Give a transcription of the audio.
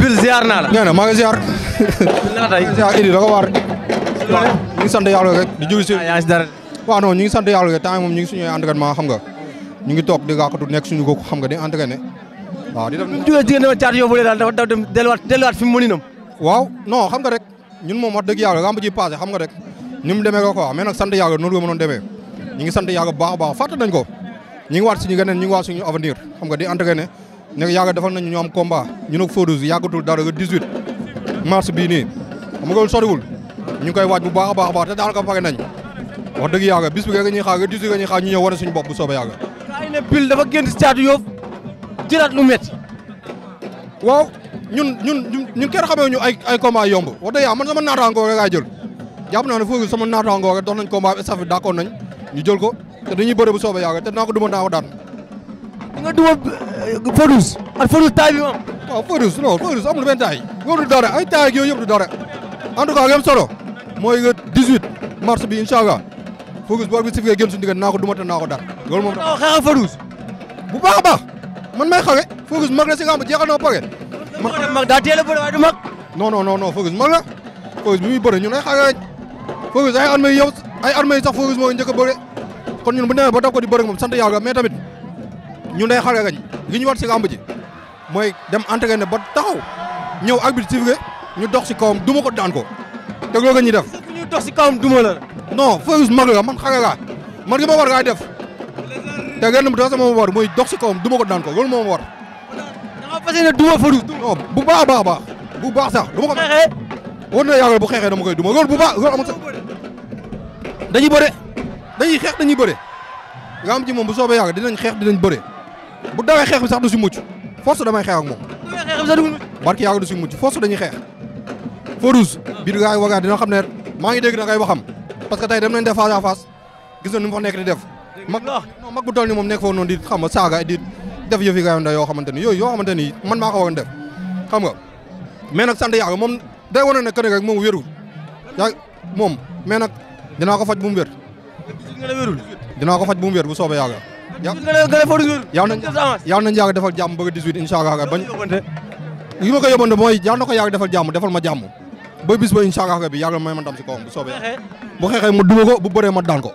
Pile ziar naa la. nee na maa ngi ziar. naa tey ziar Idi da ko waar. waaw ñu ngi sant yàlla rek di julli si. waaw yaa ngi si dara. waaw non ñu ngi sant yàlla rek temps xam nga ñu ngi toog di gàkkatu nekk suñu ko xam nga di entraîné waaw di def. bu ñu jugee jigéen dama caat yóbbu dem delluwaat delluwaat fi mu mëninam. waaw non xam nga rek ñun moom wax dëgg yàlla lamb ji passé xam nga rek ni mu demee ko quoi mais nag sant yàlla noonu la mënoon demee ñu ngi sant yàlla baax a baax fàtte nañ ko ñu ngi waat suñu geneen ñu ngi waat suñu avenir xam nga ne yàgg defal nañu ñu am combat ñu ne Feu Rouge yàggatul dara le 18 mars bii nii xam nga loolu soriwul ñu ngi koy waaj bu baax a baax a baax te daanaka pare nañ wax dëgg yàgg bis bi rek ñuy xaar le 18 rek ñuy xaar ñu ñëw wane suñu bopp bu soobee yàgg. ay ne pile dafa génn stade Yoff jëlaat lu métti. waaw ñun ñun ñun kenn xamee ñu ay ay combat yomb wax dëgg yàlla man sama naataangoo rek laay jël jàpp naa ne Feu sama naataangoo rek dox nañ combat bi saf d'accord nañ ñu jël ko te dañuy bëre bu soobee yàgg naa ko duma naa ko daan Fodous a Fodous taay bi moom. waaw Fodous non Fodous amul benn taay yooyu du dara ay taay ak yooyu yëpp du dara en tout cas li am solo mooy nga 18 mars bi incha allah Fodous boo bi si fi nga génn suñu bu baax a man may xawee Fodous mag si nga xam jeexal na ma mag daa teel a bëre du mag. non non non non Fodous mag la ñun ay xale lañ Fodous ay armée yow ay armée yi sax Fodous moo njëkk a bëre kon ñun bu ñu ba dab ko di moom sant yàlla mais ñu day xar gañ li ñu war si làmb ji mooy dem ne ba taxaw ñëw arbitre sifflé ñu dox si kawam duma ko daan ko te loolu la ñuy def. est ñu dox si kawam duma la. non Farouz mag man xale laa man li ma war laay def te lenn bu tasa moom ma war mooy dox si kawam duma ko daan ko loolu moom ma war. dama fas yéene duma bu baax a baax baax bu baax sax duma ko. xeexee eh. war na yàlla bu xeexee dama koy duma loolu bu baax loolu amul sax dañuy bëre dañuy xeex dañuy bëre làmb ji moom bu soobe yàlla dinañ xeex dinañ bëre. bu dawee xeex bi sax du si mucc force damay xeex ak moom. barki yàgg du si mucc force dañuy xeex. Farouz biir gars yi wagaa dina xam ne maa ngi dégg nag ay waxam parce que tey dem nañ def face à face gis na ni mu nekk di def. mag non mag bu moom nekk foofu noonu xam nga saaga di def yëfi gars yoo xamante ni yooyu yoo xamante ni man maa ko waroon def xam nga mais nag sant yàlla moom day wane ne que rek moom wérul yaa moom mais nag dinaa ko faj bu mu wér. dinaa ko faj bu mu wér bu soobee yàlla yal nañu yal nañu yàgg defal jàmm bëgg 18 incha allah bañ. li ma ko yóbbante mooy yal na ko yàgg defal jàmm defal ma jàmm ba bis ba incha allah bi yàlla may ma ndam si kawam bu soobee xeexee mu duma ko bu bëree ma daan ko